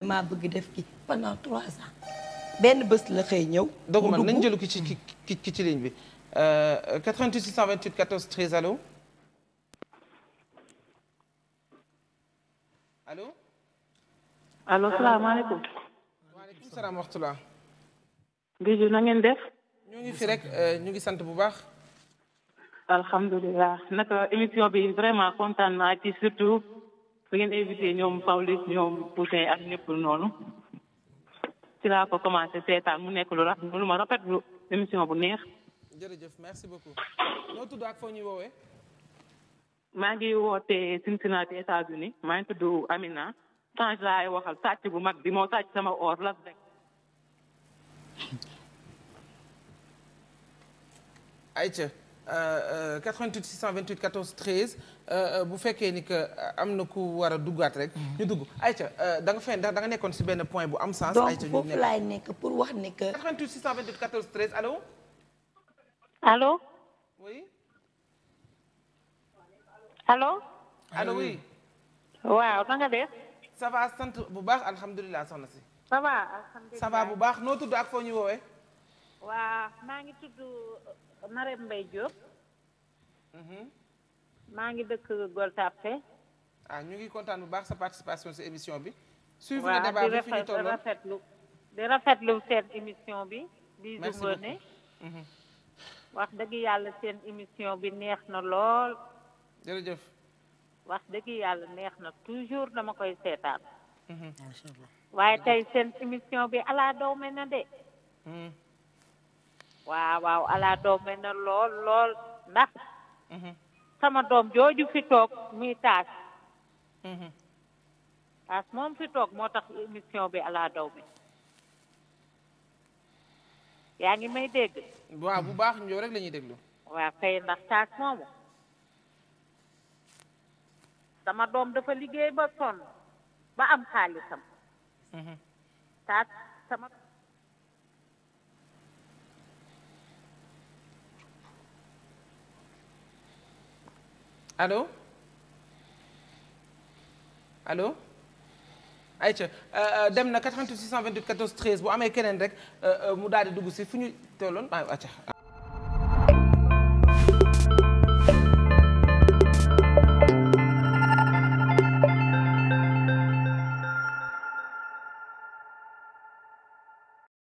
maa bëgg def ki pendant trois ans benn bés la xëy ñëw. mu dugg man nañu jëlu ki ci ki ki ci ligne bi 88 628 14 13 allo allo. allo salaamaaleykum. waaleykum salaam wa rahmatulah. na ngeen def. ñu ngi fi rek euh, ñu ngi sant bu baax. alhamdulilah naka émission bi vraiment kontaan naa ci surtout. bi ngeen invité ñoom Pawlish ñoom Poussin ak ñëpp noonu ci laa ko commencé seetaan mu nekk lu raf lu ma rafetlu émission bu neex. jërëjëf merci beaucoup noo tudd ak foo ñuy woowee. maa ngi wootee Cincinnati États-Unis maa ngi tudd Amina change laay waxal sàcc bu mag bi moo sàcc sama or la rek. ayca. 88 628 14 13 bu fekkee ni que euh, am na ku war a duggaat rek. ñu dugg ayca euh, da nga fay da nga nekkoon si benn point bu am sens. ayca ñu nekk donc foofu laay nekk pour wax ne que. 88 waaw danga nga def. ça sant bu baax alhamdulilah soxna si. ça alhamdulilah ça bu baax noo tudd ak foo ñu woowee. waa maa ngi tudd uh, Marème Mbaye Diop. Mm-hmm. maa ngi dëkk Gueule Tapée. ah ñu ngi kontaan bu baax sa participation si émission bi. suivre le débat bi fi ñu toll waaw di rafetlu di seen émission bi. merci beaucoup di mm-hmm. wax dëgg yàlla seen émission bi neex na lool. jërëjëf. wax dëgg yàlla neex na toujours dama koy seetaan. Mm-hmm. waaye tey seen émission bi ala daw na de. waaw waaw ala doom mel na lool lool ndax mhm. sama doom jooju fi toog muy taas mhm. taas moom fi toog moo tax mission bi ala daw mi yaa ngi may dégg waaw bu baax ñoo rek lañuy déglu waa kay ndax taas moomu sama doom dafa liggéey ba sonn ba am xaalisam mhm. taas sama alo allo allo ayca euh, euh, dem na 88 628 14 13 bu amee keneen rek euh, mu daal di dugg si fu ñu tolloon ayca.